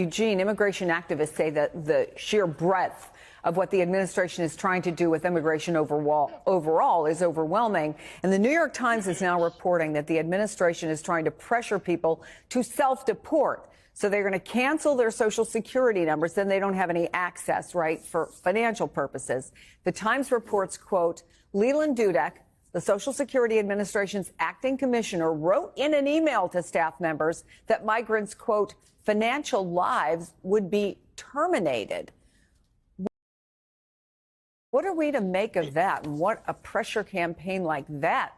Eugene, immigration activists say that the sheer breadth of what the administration is trying to do with immigration overall, overall is overwhelming. And the New York Times is now reporting that the administration is trying to pressure people to self deport. So they're going to cancel their social security numbers. Then they don't have any access, right, for financial purposes. The Times reports, quote, Leland Dudek, the Social Security Administration's acting commissioner wrote in an email to staff members that migrants, quote, financial lives would be terminated. What are we to make of that? And What a pressure campaign like that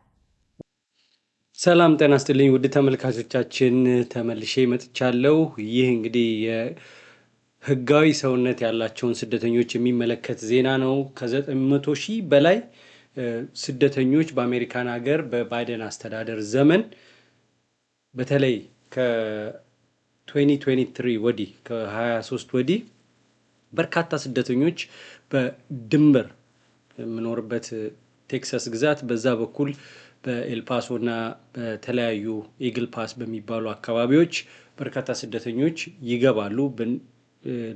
ሰላም ጤና ስጥልኝ ውድ ተመልካቾቻችን፣ ተመልሼ መጥቻለሁ። ይህ እንግዲህ ህጋዊ ሰውነት ያላቸውን ስደተኞች የሚመለከት ዜና ነው። ከዘጠኝ መቶ ሺህ በላይ ስደተኞች በአሜሪካን ሀገር በባይደን አስተዳደር ዘመን በተለይ ከ2023 ወዲህ ከ23 ወዲህ በርካታ ስደተኞች በድንበር የምኖርበት ቴክሳስ ግዛት በዛ በኩል በኤልፓሶ እና በተለያዩ ኢግል ፓስ በሚባሉ አካባቢዎች በርካታ ስደተኞች ይገባሉ።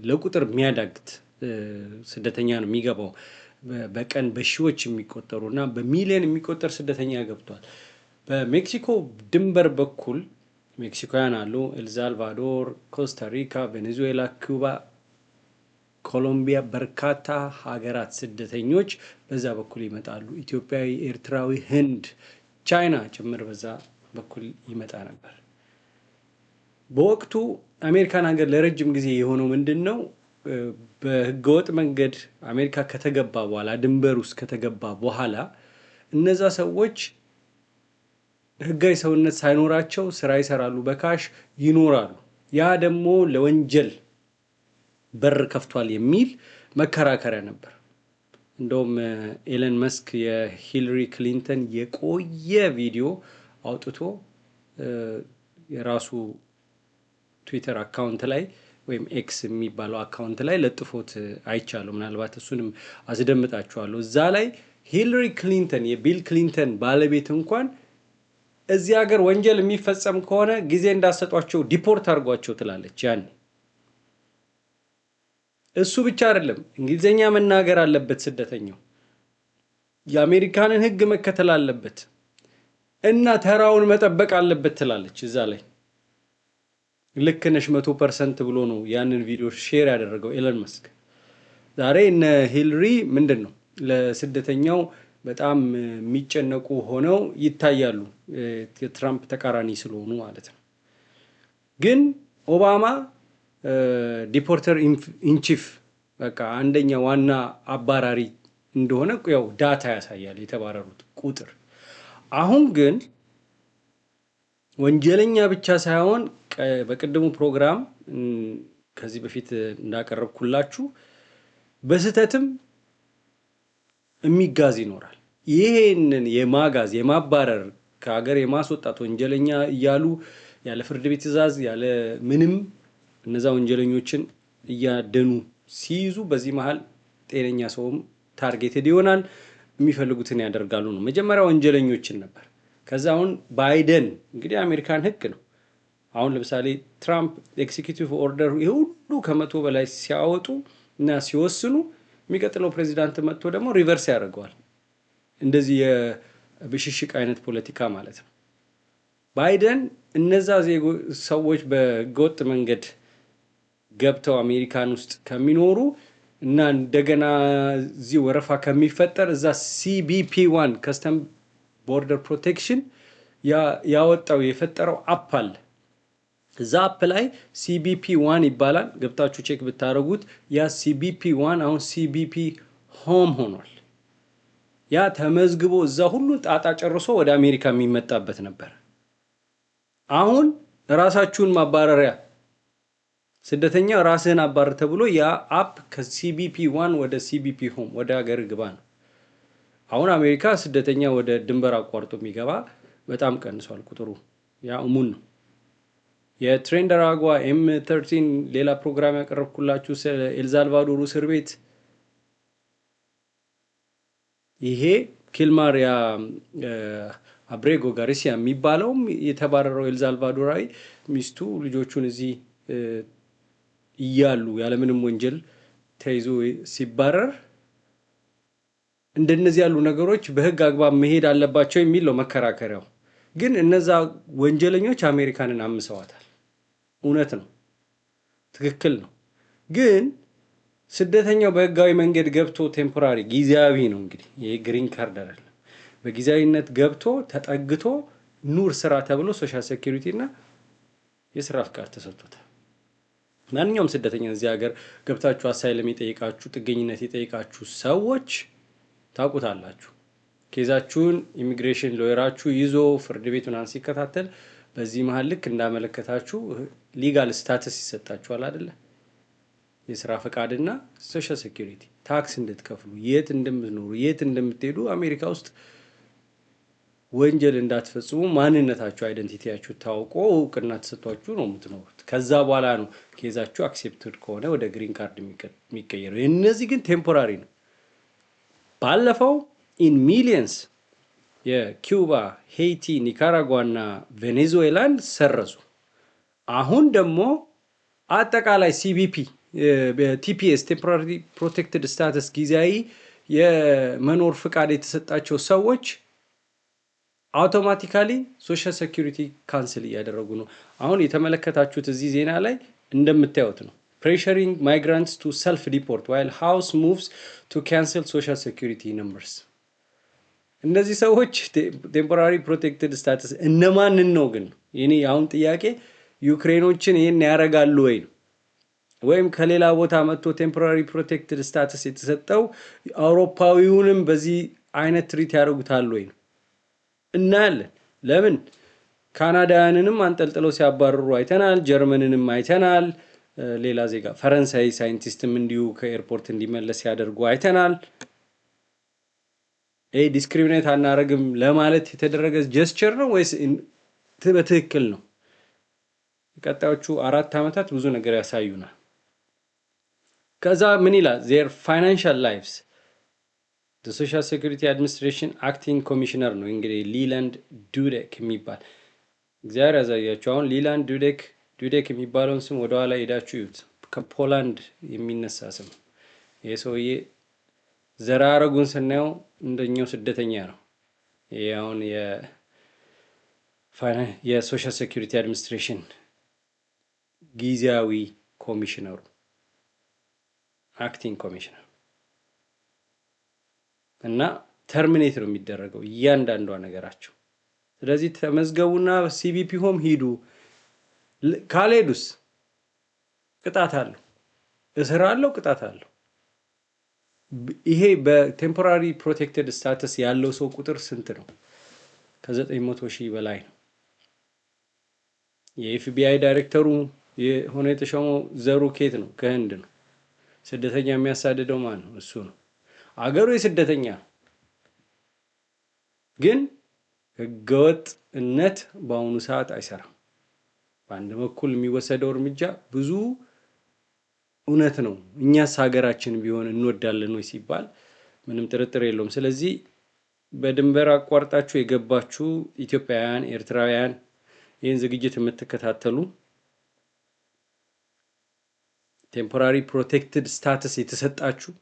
ለቁጥር የሚያዳግት ስደተኛ ነው የሚገባው። በቀን በሺዎች የሚቆጠሩ እና በሚሊዮን የሚቆጠር ስደተኛ ገብቷል። በሜክሲኮ ድንበር በኩል ሜክሲኮውያን አሉ። ኤልሳልቫዶር፣ ኮስታሪካ፣ ቬኔዙዌላ፣ ኩባ፣ ኮሎምቢያ በርካታ ሀገራት ስደተኞች በዛ በኩል ይመጣሉ። ኢትዮጵያዊ፣ ኤርትራዊ፣ ህንድ፣ ቻይና ጭምር በዛ በኩል ይመጣ ነበር። በወቅቱ አሜሪካን ሀገር ለረጅም ጊዜ የሆነው ምንድን ነው? በህገወጥ መንገድ አሜሪካ ከተገባ በኋላ ድንበር ውስጥ ከተገባ በኋላ እነዛ ሰዎች ህጋዊ ሰውነት ሳይኖራቸው ስራ ይሰራሉ፣ በካሽ ይኖራሉ። ያ ደግሞ ለወንጀል በር ከፍቷል የሚል መከራከሪያ ነበር። እንደውም ኤለን መስክ የሂለሪ ክሊንተን የቆየ ቪዲዮ አውጥቶ የራሱ ትዊተር አካውንት ላይ ወይም ኤክስ የሚባለው አካውንት ላይ ለጥፎት አይቻሉ ምናልባት እሱንም አስደምጣችኋለሁ። እዛ ላይ ሂለሪ ክሊንተን የቢል ክሊንተን ባለቤት እንኳን እዚህ ሀገር ወንጀል የሚፈጸም ከሆነ ጊዜ እንዳሰጧቸው ዲፖርት አድርጓቸው ትላለች። ያን እሱ ብቻ አይደለም እንግሊዝኛ መናገር አለበት ስደተኛው፣ የአሜሪካንን ሕግ መከተል አለበት እና ተራውን መጠበቅ አለበት ትላለች እዛ ላይ ልክ ነሽ መቶ ፐርሰንት ብሎ ነው ያንን ቪዲዮ ሼር ያደረገው ኤለን መስክ። ዛሬ እነ ሂልሪ ምንድን ነው ለስደተኛው በጣም የሚጨነቁ ሆነው ይታያሉ፣ የትራምፕ ተቃራኒ ስለሆኑ ማለት ነው። ግን ኦባማ ዲፖርተር ኢንቺፍ በቃ አንደኛ ዋና አባራሪ እንደሆነ ያው ዳታ ያሳያል የተባረሩት ቁጥር። አሁን ግን ወንጀለኛ ብቻ ሳይሆን በቅድሙ ፕሮግራም ከዚህ በፊት እንዳቀረብኩላችሁ በስህተትም የሚጋዝ ይኖራል። ይሄንን የማጋዝ የማባረር ከሀገር የማስወጣት ወንጀለኛ እያሉ ያለ ፍርድ ቤት ትዕዛዝ ያለ ምንም እነዛ ወንጀለኞችን እያደኑ ሲይዙ በዚህ መሀል ጤነኛ ሰውም ታርጌትድ ይሆናል፣ የሚፈልጉትን ያደርጋሉ ነው። መጀመሪያ ወንጀለኞችን ነበር ከዛ አሁን ባይደን እንግዲህ የአሜሪካን ህግ ነው። አሁን ለምሳሌ ትራምፕ ኤክሲኪዩቲቭ ኦርደር የሁሉ ሁሉ ከመቶ በላይ ሲያወጡ እና ሲወስኑ የሚቀጥለው ፕሬዚዳንት መጥቶ ደግሞ ሪቨርስ ያደርገዋል። እንደዚህ የብሽሽቅ አይነት ፖለቲካ ማለት ነው። ባይደን እነዛ ሰዎች በህገወጥ መንገድ ገብተው አሜሪካን ውስጥ ከሚኖሩ እና እንደገና እዚህ ወረፋ ከሚፈጠር እዛ ሲቢፒ ዋን ከስተም ቦርደር ፕሮቴክሽን ያወጣው የፈጠረው አፕ አለ። እዛ አፕ ላይ ሲቢፒ ዋን ይባላል። ገብታችሁ ቼክ ብታደረጉት ያ ሲቢፒ ዋን አሁን ሲቢፒ ሆም ሆኗል። ያ ተመዝግቦ እዛ ሁሉ ጣጣ ጨርሶ ወደ አሜሪካ የሚመጣበት ነበር። አሁን ራሳችሁን ማባረሪያ ስደተኛ ራስህን አባር ተብሎ ያ አፕ ከሲቢፒ ዋን ወደ ሲቢፒ ሆም ወደ ሀገር ግባ ነው። አሁን አሜሪካ ስደተኛ ወደ ድንበር አቋርጦ የሚገባ በጣም ቀንሷል ቁጥሩ። ያ እሙን ነው። የትሬንደራጓ ኤም ተርቲን ሌላ ፕሮግራም ያቀረብኩላችሁ ስለ ኤልሳልቫዶሩ እስር ቤት ይሄ ኪልማር ያ አብሬጎ ጋሪሲያ የሚባለውም የተባረረው ኤልዛልቫዶራዊ ሚስቱ ልጆቹን እዚህ እያሉ ያለምንም ወንጀል ተይዞ ሲባረር እንደነዚህ ያሉ ነገሮች በህግ አግባብ መሄድ አለባቸው የሚል ነው መከራከሪያው። ግን እነዛ ወንጀለኞች አሜሪካንን አምሰዋታል። እውነት ነው፣ ትክክል ነው። ግን ስደተኛው በህጋዊ መንገድ ገብቶ ቴምፖራሪ ጊዜያዊ ነው እንግዲህ ይሄ ግሪን ካርድ አይደለም። በጊዜያዊነት ገብቶ ተጠግቶ ኑር ስራ ተብሎ ሶሻል ሴኪሪቲ እና የስራ ፍቃድ ተሰጥቶታል። ማንኛውም ስደተኛ እዚህ ሀገር ገብታችሁ አሳይለም የጠየቃችሁ ጥገኝነት የጠየቃችሁ ሰዎች ታውቁታላችሁ። ኬዛችሁን ኢሚግሬሽን ሎየራችሁ ይዞ ፍርድ ቤት ምናምን ሲከታተል በዚህ መሀል ልክ እንዳመለከታችሁ ሊጋል ስታትስ ይሰጣችኋል አይደለ? የስራ ፈቃድና ሶሻል ሴኪሪቲ ታክስ እንድትከፍሉ፣ የት እንደምትኖሩ፣ የት እንደምትሄዱ፣ አሜሪካ ውስጥ ወንጀል እንዳትፈጽሙ ማንነታችሁ፣ አይደንቲቲያችሁ ታውቆ እውቅና ተሰጥቷችሁ ነው የምትኖሩት። ከዛ በኋላ ነው ኬዛችሁ አክሴፕትድ ከሆነ ወደ ግሪን ካርድ የሚቀየረው። እነዚህ ግን ቴምፖራሪ ነው። ባለፈው ኢን ሚሊየንስ የኪውባ ሄይቲ፣ እና ቬኔዙዌላን ሰረዙ። አሁን ደግሞ አጠቃላይ ሲቢፒ ቲፒኤስ ቴምፖራሪ ፕሮቴክትድ ስታተስ ጊዜያዊ የመኖር ፍቃድ የተሰጣቸው ሰዎች አውቶማቲካሊ ሶሻል ሴኩሪቲ ካንስል እያደረጉ ነው። አሁን የተመለከታችሁት እዚህ ዜና ላይ እንደምታዩት ነው። pressuring migrants to self-deport while House moves to cancel social security numbers እነዚህ ሰዎች ቴምፖራሪ ፕሮቴክትድ ስታትስ እነማንን ነው ግን? ይኔ አሁን ጥያቄ ዩክሬኖችን ይህን ያደርጋሉ ወይ ወይም ከሌላ ቦታ መጥቶ ቴምፖራሪ ፕሮቴክትድ ስታትስ የተሰጠው አውሮፓዊውንም በዚህ አይነት ትሪት ያደርጉታል ወይ እናያለን። ለምን ካናዳውያንንም አንጠልጥለው ሲያባርሩ አይተናል። ጀርመንንም አይተናል። ሌላ ዜጋ ፈረንሳይ ሳይንቲስትም እንዲሁ ከኤርፖርት እንዲመለስ ሲያደርጉ አይተናል። ይህ ዲስክሪሚኔት አናረግም ለማለት የተደረገ ጀስቸር ነው ወይስ በትክክል ነው? ቀጣዮቹ አራት ዓመታት ብዙ ነገር ያሳዩናል። ከዛ ምን ይላል? ዜር ፋይናንሻል ላይፍስ ሶሻል ሴኩሪቲ አድሚኒስትሬሽን አክቲንግ ኮሚሽነር ነው እንግዲህ ሊላንድ ዱዴክ የሚባል እግዚአብሔር ያሳያቸው። አሁን ሊላንድ ዱዴክ ዱዴክ የሚባለውን ስም ወደኋላ ሄዳችሁ ይዩት። ከፖላንድ የሚነሳ ስም ይህ ሰውዬ ዘራረጉን ስናየው እንደኛው ስደተኛ ነው። ይህ አሁን የሶሻል ሴኩሪቲ አድሚኒስትሬሽን ጊዜያዊ ኮሚሽነሩ አክቲንግ ኮሚሽነር እና ተርሚኔት ነው የሚደረገው እያንዳንዷ ነገራቸው። ስለዚህ ተመዝገቡና ሲቢፒ ሆም ሂዱ። ካልሄዱስ ቅጣት አለው፣ እስር አለው፣ ቅጣት አለው። ይሄ በቴምፖራሪ ፕሮቴክትድ ስታተስ ያለው ሰው ቁጥር ስንት ነው? ከዘጠኝ መቶ ሺህ በላይ ነው። የኤፍቢአይ ዳይሬክተሩ የሆነ የተሾመው ዘሩ ኬት ነው? ከህንድ ነው። ስደተኛ የሚያሳድደው ማን ነው? እሱ ነው። አገሩ የስደተኛ ነው። ግን ህገወጥነት በአሁኑ ሰዓት አይሰራም። በአንድ በኩል የሚወሰደው እርምጃ ብዙ እውነት ነው። እኛስ ሀገራችን ቢሆን እንወዳለን ወይ ሲባል ምንም ጥርጥር የለውም። ስለዚህ በድንበር አቋርጣችሁ የገባችሁ ኢትዮጵያውያን፣ ኤርትራውያን ይህን ዝግጅት የምትከታተሉ ቴምፖራሪ ፕሮቴክትድ ስታትስ የተሰጣችሁ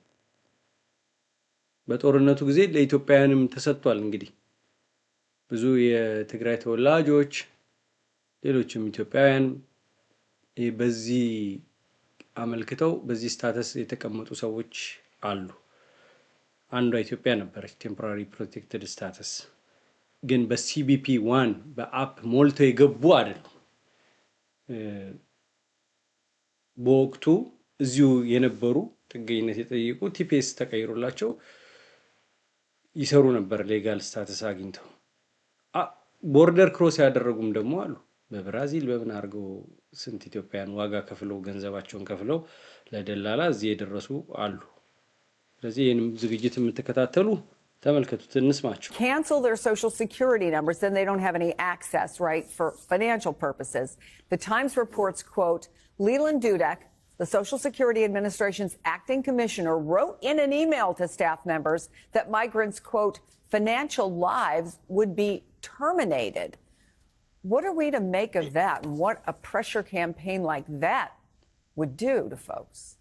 በጦርነቱ ጊዜ ለኢትዮጵያውያንም ተሰጥቷል። እንግዲህ ብዙ የትግራይ ተወላጆች ሌሎችም ኢትዮጵያውያን በዚህ አመልክተው በዚህ ስታተስ የተቀመጡ ሰዎች አሉ። አንዷ ኢትዮጵያ ነበረች ቴምፖራሪ ፕሮቴክትድ ስታተስ ግን በሲቢፒ ዋን በአፕ ሞልተው የገቡ አይደሉም። በወቅቱ እዚሁ የነበሩ ጥገኝነት የጠየቁ ቲፒኤስ ተቀይሮላቸው ይሰሩ ነበር ሌጋል ስታተስ አግኝተው ቦርደር ክሮስ ያደረጉም ደግሞ አሉ። በብራዚል በምን አድርገው ስንት ዋጋ ከፍለው ገንዘባቸውን ከፍለው ለደላላ እዚህ የደረሱ አሉ። ስለዚህ ይህንም ዝግጅት የምትከታተሉ ተመልከቱት፣ እንስማቸው። Cancel their social security numbers, then they don't have any access, right, for financial purposes. The Times reports, quote, Leland Dudek, The Social Security Administration's acting commissioner wrote in an email to staff members that migrants, quote, financial lives would be terminated. What are we to make of that? and What a pressure campaign like that would do to folks?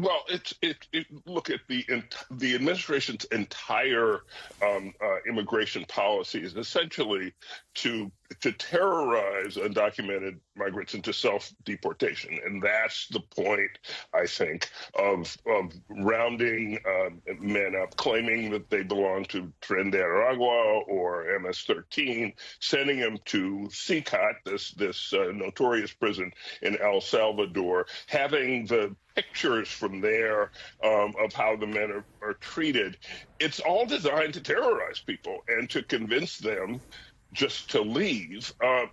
Well, it's it, it, Look at the the administration's entire um, uh, immigration policy is essentially to to terrorize undocumented migrants into self deportation, and that's the point I think of of rounding uh, men up, claiming that they belong to de Aragua or MS-13, sending them to Secot, this this uh, notorious prison in El Salvador, having the pictures from there um, of how the men are, are treated. It's all designed to terrorize people and to convince them just to leave. Uh,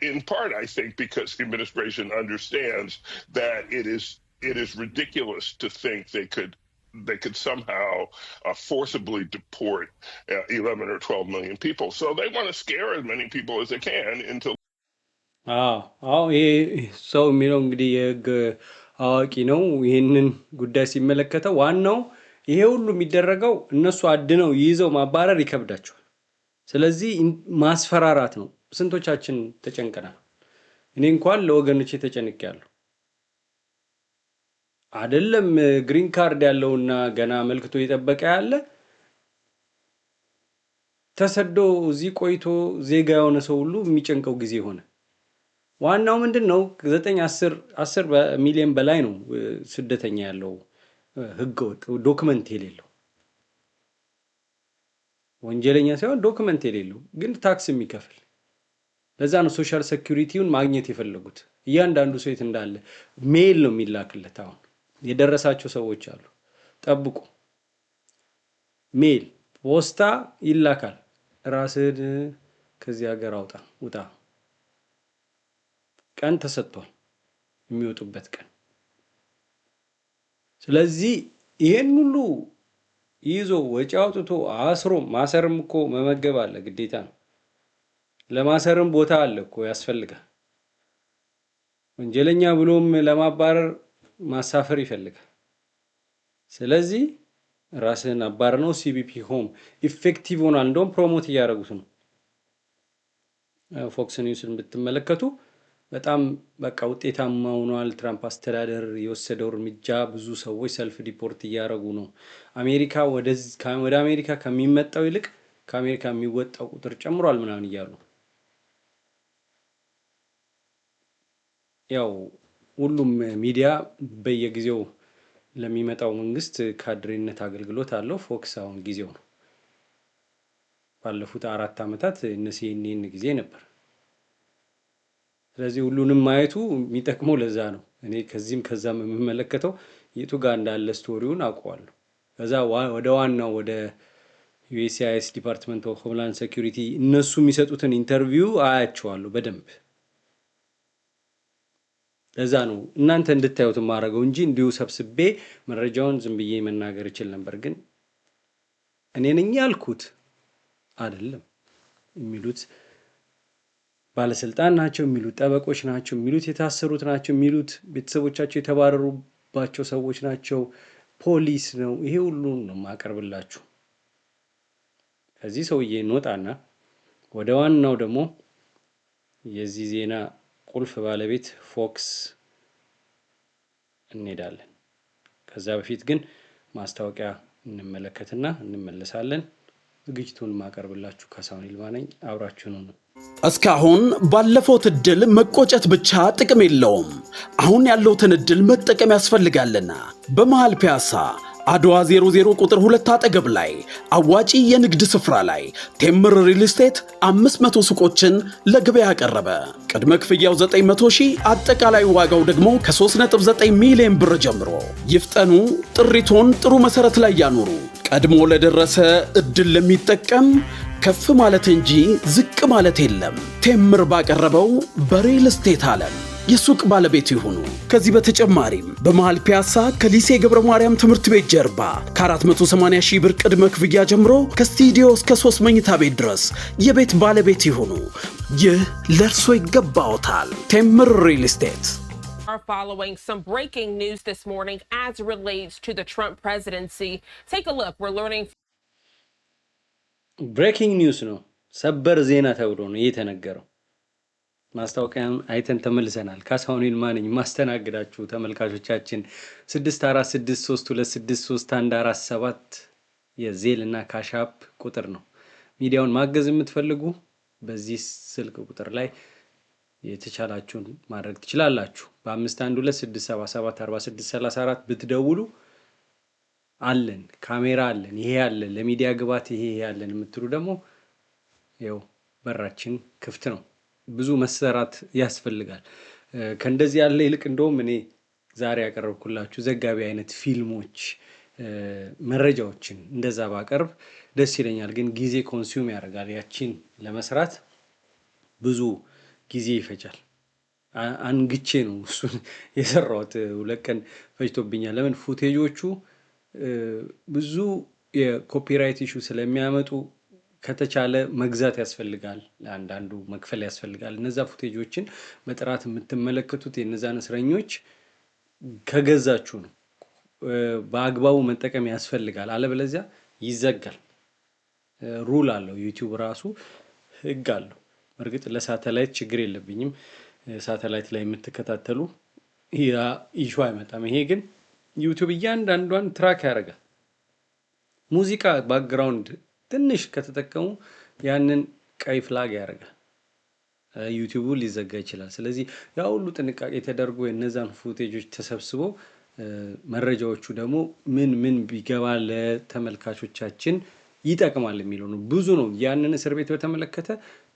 in part, I think, because the administration understands that it is it is ridiculous to think they could they could somehow uh, forcibly deport uh, 11 or 12 million people. So they want to scare as many people as they can into. Ah, oh, oh, so milong diag አዋቂ ነው። ይህንን ጉዳይ ሲመለከተው ዋናው ይሄ ሁሉ የሚደረገው እነሱ አድነው ይዘው ማባረር ይከብዳቸዋል። ስለዚህ ማስፈራራት ነው። ስንቶቻችን ተጨንቀናል። እኔ እንኳን ለወገኖቼ ተጨንቄያለሁ። አይደለም ግሪን ካርድ ያለውና ገና መልክቶ የጠበቀ ያለ ተሰዶ እዚህ ቆይቶ ዜጋ የሆነ ሰው ሁሉ የሚጨንቀው ጊዜ ሆነ። ዋናው ምንድን ነው? ዘጠኝ አስር ሚሊዮን በላይ ነው ስደተኛ ያለው ህገወጥ ዶክመንት የሌለው ወንጀለኛ ሳይሆን ዶክመንት የሌለው ግን ታክስ የሚከፍል ለዛ ነው ሶሻል ሴኩሪቲውን ማግኘት የፈለጉት። እያንዳንዱ ሴት እንዳለ ሜል ነው የሚላክለት። አሁን የደረሳቸው ሰዎች አሉ፣ ጠብቁ። ሜል ፖስታ ይላካል። ራስህን ከዚህ ሀገር አውጣ ውጣ ቀን ተሰጥቷል፣ የሚወጡበት ቀን። ስለዚህ ይሄን ሁሉ ይዞ ወጪ አውጥቶ አስሮ ማሰርም እኮ መመገብ አለ፣ ግዴታ ነው። ለማሰርም ቦታ አለ እኮ ያስፈልጋል። ወንጀለኛ ብሎም ለማባረር ማሳፈር ይፈልጋል። ስለዚህ ራስህን አባር ነው። ሲቢፒ ሆም ኢፌክቲቭ ሆኗል። እንደውም ፕሮሞት እያደረጉት ነው። ፎክስ ኒውስን ብትመለከቱ በጣም በቃ ውጤታማ ሆኗል። ትራምፕ አስተዳደር የወሰደው እርምጃ ብዙ ሰዎች ሰልፍ ዲፖርት እያደረጉ ነው። አሜሪካ ወደ አሜሪካ ከሚመጣው ይልቅ ከአሜሪካ የሚወጣው ቁጥር ጨምሯል ምናምን እያሉ ያው ሁሉም ሚዲያ በየጊዜው ለሚመጣው መንግስት ካድሬነት አገልግሎት አለው። ፎክስ አሁን ጊዜው ነው። ባለፉት አራት ዓመታት እነ ሲኤንኤን ጊዜ ነበር። ስለዚህ ሁሉንም ማየቱ የሚጠቅመው ለዛ ነው። እኔ ከዚህም ከዛም የምመለከተው የቱ ጋር እንዳለ ስቶሪውን አውቀዋለሁ። ከዛ ወደ ዋናው ወደ ዩኤስሲአይኤስ ዲፓርትመንት ኦፍ ሆምላንድ ሴኪሪቲ እነሱ የሚሰጡትን ኢንተርቪው አያቸዋለሁ በደንብ። ለዛ ነው እናንተ እንድታዩት የማደርገው እንጂ እንዲሁ ሰብስቤ መረጃውን ዝም ብዬ መናገር ይችል ነበር። ግን እኔ ነኝ ያልኩት አይደለም የሚሉት ባለስልጣን ናቸው የሚሉት ጠበቆች ናቸው የሚሉት የታሰሩት ናቸው የሚሉት ቤተሰቦቻቸው የተባረሩባቸው ሰዎች ናቸው፣ ፖሊስ ነው። ይሄ ሁሉ ነው የማቀርብላችሁ። ከዚህ ሰውዬ እንወጣና ወደ ዋናው ደግሞ የዚህ ዜና ቁልፍ ባለቤት ፎክስ እንሄዳለን። ከዛ በፊት ግን ማስታወቂያ እንመለከትና እንመለሳለን። ዝግጅቱን ማቀርብላችሁ ከሳውን ይልማ ነኝ። ነው እስካሁን ባለፈውት እድል መቆጨት ብቻ ጥቅም የለውም። አሁን ያለውትን እድል መጠቀም ያስፈልጋልና በመሃል ፒያሳ አድዋ 00 ቁጥር 2 አጠገብ ላይ አዋጪ የንግድ ስፍራ ላይ ቴምር ሪል ስቴት 500 ሱቆችን ለገበያ አቀረበ። ቅድመ ክፍያው 900 ሺህ፣ አጠቃላይ ዋጋው ደግሞ ከ3.9 ሚሊዮን ብር ጀምሮ ይፍጠኑ። ጥሪቶን ጥሩ መሰረት ላይ ያኖሩ። ቀድሞ ለደረሰ እድል ለሚጠቀም ከፍ ማለት እንጂ ዝቅ ማለት የለም። ቴምር ባቀረበው በሪል ስቴት ዓለም የሱቅ ባለቤት ይሁኑ። ከዚህ በተጨማሪም በመሃል ፒያሳ ከሊሴ ገብረ ማርያም ትምህርት ቤት ጀርባ ከ480 ሺህ ብር ቅድመ ክፍያ ጀምሮ ከስቱዲዮ እስከ ሶስት መኝታ ቤት ድረስ የቤት ባለቤት ይሁኑ። ይህ ለእርሶ ይገባዎታል። ቴምር ሪል ስቴት are following some breaking news this morning as relates to the Trump presidency. Take a look. We're learning ብሬኪንግ ኒውስ ነው፣ ሰበር ዜና ተብሎ ነው የተነገረው። ማስታወቂያም አይተን ተመልሰናል። ካሳሁን ይልማ ነኝ ማስተናግዳችሁ ተመልካቾቻችን 6462623147 የዜል እና ካሻፕ ቁጥር ነው። ሚዲያውን ማገዝ የምትፈልጉ በዚህ ስልክ ቁጥር ላይ የተቻላችሁን ማድረግ ትችላላችሁ። በ5126774634 ብትደውሉ አለን፣ ካሜራ አለን፣ ይሄ አለን፣ ለሚዲያ ግባት ይሄ አለን የምትሉ ደግሞ ያው በራችን ክፍት ነው። ብዙ መሰራት ያስፈልጋል። ከእንደዚህ ያለ ይልቅ እንደውም እኔ ዛሬ ያቀረብኩላችሁ ዘጋቢ አይነት ፊልሞች መረጃዎችን እንደዛ ባቀርብ ደስ ይለኛል። ግን ጊዜ ኮንሱም ያደርጋል። ያቺን ለመስራት ብዙ ጊዜ ይፈጃል። አንግቼ ነው እሱን የሰራሁት። ሁለት ቀን ፈጅቶብኛል። ለምን ፉቴጆቹ ብዙ የኮፒራይት ኢሹ ስለሚያመጡ ከተቻለ መግዛት ያስፈልጋል፣ ለአንዳንዱ መክፈል ያስፈልጋል። እነዛ ፉቴጆችን በጥራት የምትመለከቱት የነዛን እስረኞች ከገዛችሁ ነው። በአግባቡ መጠቀም ያስፈልጋል፣ አለበለዚያ ይዘጋል። ሩል አለው ዩቲዩብ ራሱ ህግ አለው። እርግጥ ለሳተላይት ችግር የለብኝም። ሳተላይት ላይ የምትከታተሉ ያ ኢሹ አይመጣም። ይሄ ግን ዩቱብ እያንዳንዷን ትራክ ያደርጋል። ሙዚቃ ባክግራውንድ ትንሽ ከተጠቀሙ ያንን ቀይ ፍላግ ያደርጋል። ዩቱቡ ሊዘጋ ይችላል። ስለዚህ ያ ሁሉ ጥንቃቄ ተደርጎ የነዛን ፉቴጆች ተሰብስቦ መረጃዎቹ ደግሞ ምን ምን ቢገባ ለተመልካቾቻችን ይጠቅማል የሚለው ነው። ብዙ ነው። ያንን እስር ቤት በተመለከተ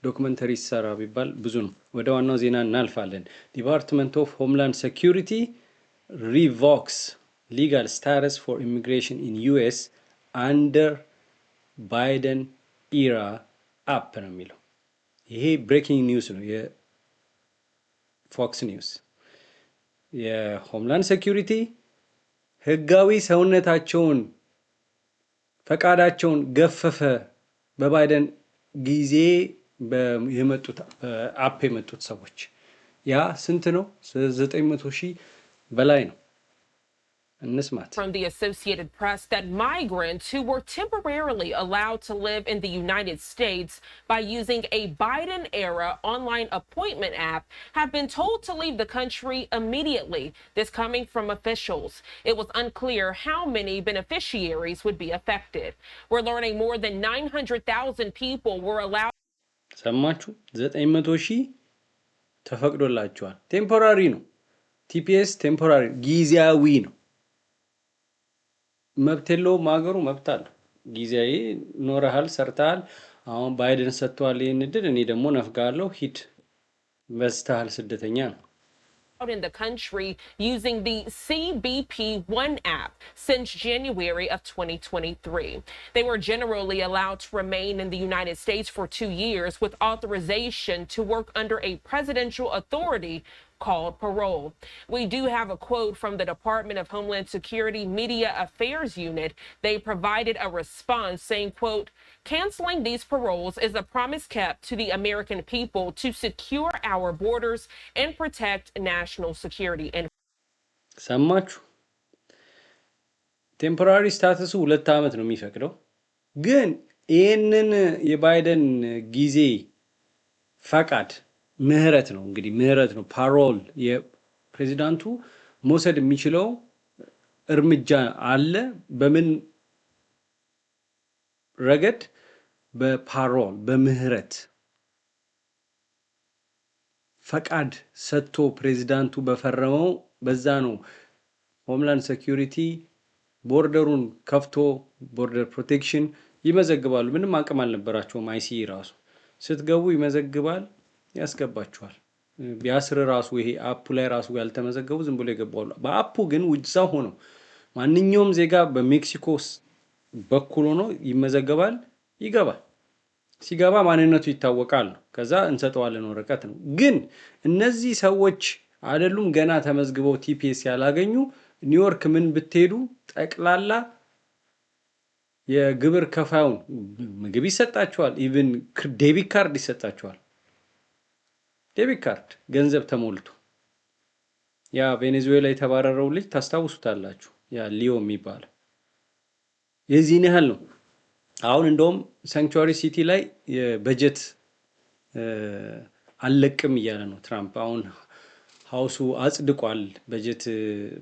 ዶክመንተሪ ይሰራ ቢባል ብዙ ነው። ወደ ዋናው ዜና እናልፋለን። ዲፓርትመንት ኦፍ ሆምላንድ ሴኪሪቲ ሪቮክስ ሊጋል status ፎር ኢሚግሬሽን ኢን ዩኤስ አንደር ባይደን ኢራ አፕ ነው የሚለው። ይሄ ብሬኪንግ ኒውስ ነው የፎክስ ኒውስ። የሆምላንድ ሴኪሪቲ ህጋዊ ሰውነታቸውን ፈቃዳቸውን ገፈፈ በባይደን ጊዜ የመጡት አፕ የመጡት ሰዎች ያ ስንት ነው? ዘጠኝ መቶ ሺህ በላይ ነው። from the Associated Press that migrants who were temporarily allowed to live in the United States by using a Biden era online appointment app have been told to leave the country immediately. This coming from officials. It was unclear how many beneficiaries would be affected. We're learning more than 900,000 people were allowed. ሰማችሁ 900 ሺህ ቴምፖራሪ ነው ቲፒኤስ ቴምፖራሪ ጊዜያዊ ነው መብት የለውም ሀገሩ መብት ጊዜያዊ ኖረሃል፣ ሰርተሃል። አሁን ባይደን ሰጥቷል ይህን እድል። እኔ ደግሞ ነፍጋለሁ፣ ሂድ ስደተኛ ነው። in the country using the CBP One app since January of 2023. They were generally allowed to remain in the United States for two years with authorization to work under a presidential authority called parole. We do have a quote from the Department of Homeland Security Media Affairs Unit. They provided a response saying, quote, canceling these paroles is a promise kept to the American people to secure our borders and protect national security. And ሰማችሁ ቴምፖራሪ ስታተሱ ሁለት ዓመት ነው የሚፈቅደው ግን ይህንን የባይደን ጊዜ ፈቃድ ምህረት ነው እንግዲህ ምህረት ነው ፓሮል የፕሬዚዳንቱ መውሰድ የሚችለው እርምጃ አለ። በምን ረገድ? በፓሮል በምህረት ፈቃድ ሰጥቶ ፕሬዚዳንቱ በፈረመው በዛ ነው ሆምላንድ ሴኪዩሪቲ ቦርደሩን ከፍቶ ቦርደር ፕሮቴክሽን ይመዘግባሉ። ምንም አቅም አልነበራቸውም። አይሲ ራሱ ስትገቡ ይመዘግባል። ያስገባችኋል። ቢያስር ራሱ ይሄ አፑ ላይ ራሱ ያልተመዘገቡ ዝም ብሎ ይገባሉ። በአፑ ግን ውጅዛ ሆኖ ማንኛውም ዜጋ በሜክሲኮ በኩል ሆኖ ይመዘገባል፣ ይገባል። ሲገባ ማንነቱ ይታወቃል ከዛ እንሰጠዋለን ወረቀት ነው። ግን እነዚህ ሰዎች አይደሉም ገና ተመዝግበው ቲፒኤስ ያላገኙ ኒውዮርክ ምን ብትሄዱ ጠቅላላ የግብር ከፋዩን ምግብ ይሰጣቸዋል። ኢቭን ዴቢት ካርድ ይሰጣቸዋል። ዴቢት ካርድ ገንዘብ ተሞልቶ ያ ቬኔዙዌላ የተባረረው ልጅ ታስታውሱታላችሁ። ያ ሊዮ የሚባለው የዚህን ያህል ነው። አሁን እንደውም ሳንክቹዋሪ ሲቲ ላይ በጀት አልለቅም እያለ ነው ትራምፕ። አሁን ሀውሱ አጽድቋል። በጀት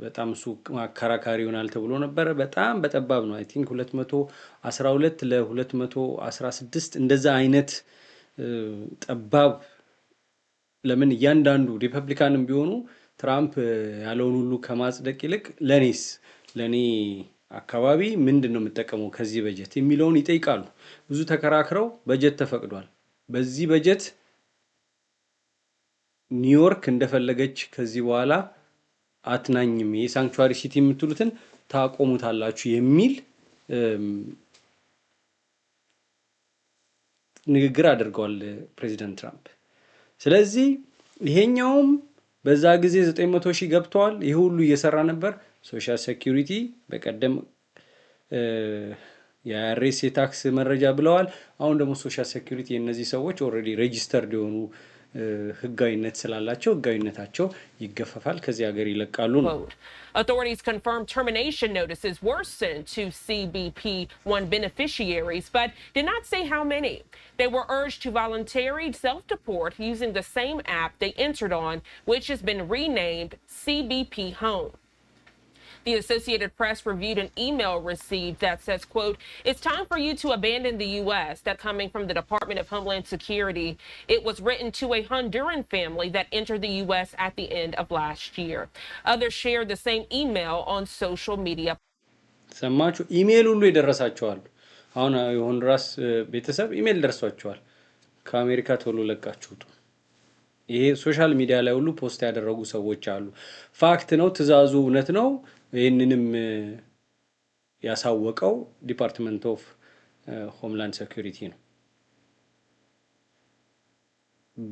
በጣም እሱ አከራካሪ ይሆናል ተብሎ ነበረ። በጣም በጠባብ ነው። አይ ቲንክ 212 ለ216 እንደዛ አይነት ጠባብ ለምን እያንዳንዱ ሪፐብሊካንም ቢሆኑ ትራምፕ ያለውን ሁሉ ከማጽደቅ ይልቅ ለኔስ ለእኔ አካባቢ ምንድን ነው የምጠቀመው ከዚህ በጀት የሚለውን ይጠይቃሉ። ብዙ ተከራክረው በጀት ተፈቅዷል። በዚህ በጀት ኒውዮርክ እንደፈለገች ከዚህ በኋላ አትናኝም፣ የሳንክቹዋሪ ሲቲ የምትሉትን ታቆሙታላችሁ የሚል ንግግር አድርገዋል ፕሬዚደንት ትራምፕ። ስለዚህ ይሄኛውም በዛ ጊዜ 900 ሺህ ገብተዋል። ይህ ሁሉ እየሰራ ነበር። ሶሻል ሴኪሪቲ በቀደም የአሬስ የታክስ መረጃ ብለዋል። አሁን ደግሞ ሶሻል ሴኪሪቲ የእነዚህ ሰዎች ኦልሬዲ ሬጂስተርድ የሆኑ ህጋዊነት ስላላቸው ህጋዊነታቸው ይገፈፋል፣ ከዚህ ሀገር ይለቃሉ ነው። Authorities confirmed termination notices were sent to CBP1 beneficiaries, but did not say how many. They were urged to voluntarily self-deport using the same app they entered on, which has been renamed CBP Home. The Associated Press reviewed an email received that says, quote, it's time for you to abandon the U.S. That coming from the Department of Homeland Security. It was written to a Honduran family that entered the U.S. at the end of last year. Others shared the same email on social media. ሰማችሁ? ኢሜይል ሁሉ የደረሳቸዋሉ። አሁን የሆንዱራስ ቤተሰብ ኢሜይል ደርሷቸዋል። ከአሜሪካ ቶሎ ለቃችሁት። ይሄ ሶሻል ሚዲያ ላይ ሁሉ ፖስት ያደረጉ ሰዎች አሉ። ፋክት ነው፣ ትዕዛዙ እውነት ነው። ይህንንም ያሳወቀው ዲፓርትመንት ኦፍ ሆምላንድ ሴኩሪቲ ነው።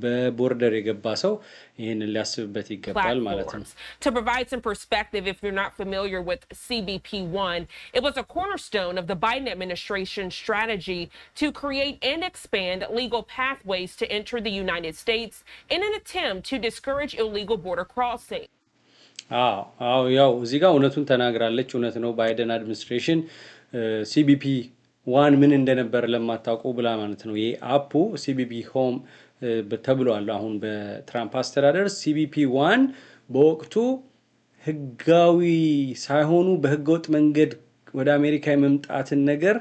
በቦርደር የገባ ሰው ይህንን ሊያስብበት ይገባል ማለት ነው። To provide some perspective if you're not familiar with CBP1, it was a cornerstone of the Biden administration's strategy to create and expand legal pathways to enter the United States in an attempt to discourage illegal border crossing. አዎ ያው እዚህ ጋር እውነቱን ተናግራለች። እውነት ነው። ባይደን አድሚኒስትሬሽን ሲቢፒ ዋን ምን እንደነበር ለማታውቁ ብላ ማለት ነው። ይሄ አፑ ሲቢፒ ሆም ተብሏል። አሁን በትራምፕ አስተዳደር ሲቢፒ ዋን በወቅቱ ህጋዊ ሳይሆኑ በህገወጥ መንገድ ወደ አሜሪካ የመምጣትን ነገር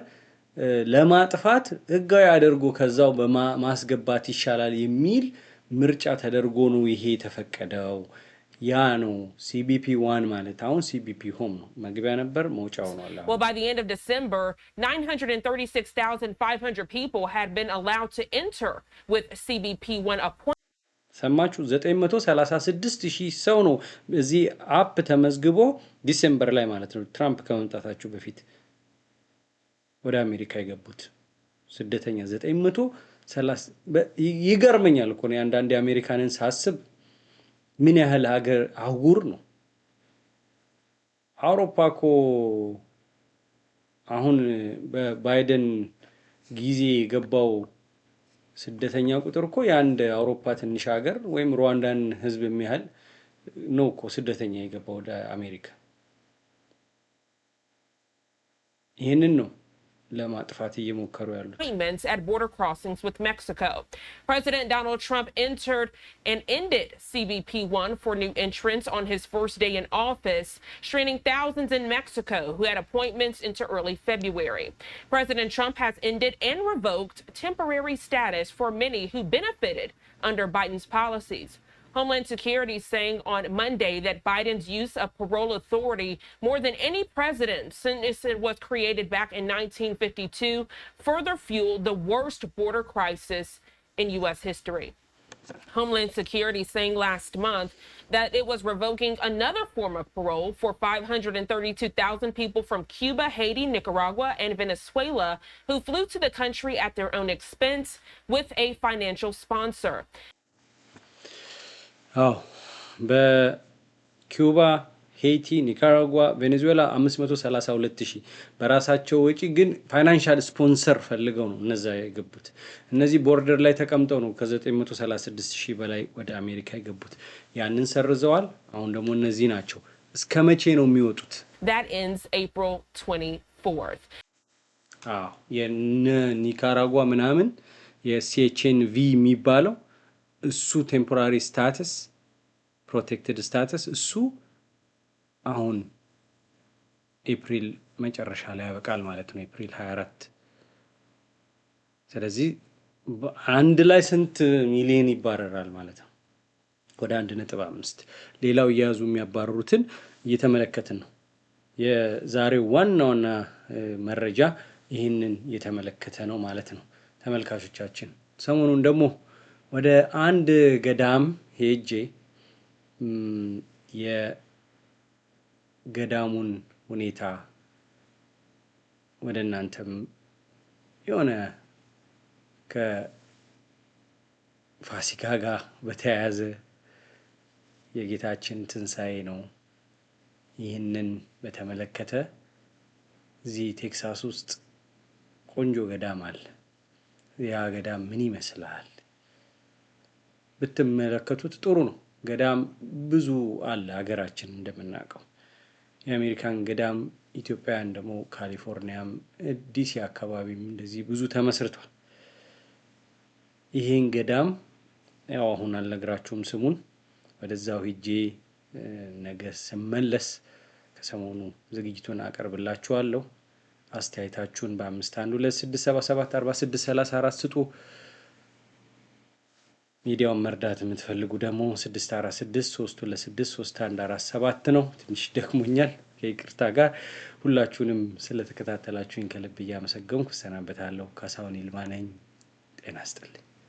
ለማጥፋት ህጋዊ አድርጎ ከዛው በማስገባት ይሻላል የሚል ምርጫ ተደርጎ ነው ይሄ የተፈቀደው። ያ ነው ሲቢፒ ዋን ማለት አሁን ሲቢፒ ሆም ነው። መግቢያ ነበር መውጫው ሆኗል። Well, by the end of December, 936,500 people had been allowed to enter with CBP one appointment. ሰማችሁ 936 ሰው ነው እዚህ አፕ ተመዝግቦ ዲሴምበር ላይ ማለት ነው ትራምፕ ከመምጣታቸው በፊት ወደ አሜሪካ የገቡት ስደተኛ 930 ይገርመኛል እኮ ነው አንዳንድ የአሜሪካንን ሳስብ ምን ያህል ሀገር አህጉር ነው። አውሮፓ እኮ አሁን በባይደን ጊዜ የገባው ስደተኛ ቁጥር እኮ የአንድ አውሮፓ ትንሽ ሀገር ወይም ሩዋንዳን ህዝብ የሚያህል ነው እኮ ስደተኛ የገባው ወደ አሜሪካ። ይህንን ነው ለማጥፋት እየሞከሩ ያሉት at border crossings with Mexico. President Donald Trump entered and ended CBP1 for new entrants on his first day in office, straining thousands in Mexico who had appointments into early February. President Trump has ended and revoked temporary status for many who benefited under Biden's policies. Homeland Security saying on Monday that Biden's use of parole authority, more than any president since it was created back in 1952, further fueled the worst border crisis in U.S. history. Homeland Security saying last month that it was revoking another form of parole for 532,000 people from Cuba, Haiti, Nicaragua, and Venezuela who flew to the country at their own expense with a financial sponsor. አዎ በኪውባ ሄይቲ ኒካራጓ ቬኔዙዌላ 532 ሺህ በራሳቸው ወጪ ግን ፋይናንሻል ስፖንሰር ፈልገው ነው እነዛ የገቡት። እነዚህ ቦርደር ላይ ተቀምጠው ነው ከ936 ሺህ በላይ ወደ አሜሪካ የገቡት። ያንን ሰርዘዋል። አሁን ደግሞ እነዚህ ናቸው። እስከ መቼ ነው የሚወጡት? የነ ኒካራጓ ምናምን የሲኤችኤን ቪ የሚባለው እሱ ቴምፖራሪ ስታትስ ፕሮቴክትድ ስታትስ እሱ አሁን ኤፕሪል መጨረሻ ላይ ያበቃል ማለት ነው፣ ኤፕሪል 24 ስለዚህ አንድ ላይ ስንት ሚሊዮን ይባረራል ማለት ነው? ወደ አንድ ነጥብ አምስት ሌላው እየያዙ የሚያባረሩትን እየተመለከትን ነው። የዛሬው ዋና ዋና መረጃ ይህንን የተመለከተ ነው ማለት ነው። ተመልካቾቻችን ሰሞኑን ደግሞ ወደ አንድ ገዳም ሄጄ የገዳሙን ሁኔታ ወደ እናንተም የሆነ ከፋሲካ ጋር በተያያዘ የጌታችን ትንሣኤ ነው። ይህንን በተመለከተ እዚህ ቴክሳስ ውስጥ ቆንጆ ገዳም አለ። ያ ገዳም ምን ይመስላል? ብትመለከቱት ጥሩ ነው። ገዳም ብዙ አለ ሀገራችን እንደምናውቀው የአሜሪካን ገዳም ኢትዮጵያውያን ደግሞ ካሊፎርኒያም ዲሲ አካባቢም እንደዚህ ብዙ ተመስርቷል። ይሄን ገዳም ያው አሁን አልነግራችሁም ስሙን ወደዛው ሂጄ ነገ ስመለስ ከሰሞኑ ዝግጅቱን አቀርብላችኋለሁ። አስተያየታችሁን በአምስት አንድ ሁለት ስድስት ሰባ ሰባት አርባ ስድስት ሰላሳ አራት ስጡ። ሚዲያውን መርዳት የምትፈልጉ ደግሞ 646 326 ሰባት ነው። ትንሽ ደክሞኛል ከይቅርታ ጋር ሁላችሁንም ስለተከታተላችሁኝ ከልብ እያመሰገንኩ እሰናበታለሁ። ካሳሁን ይልማ ነኝ። ጤና ይስጥልኝ።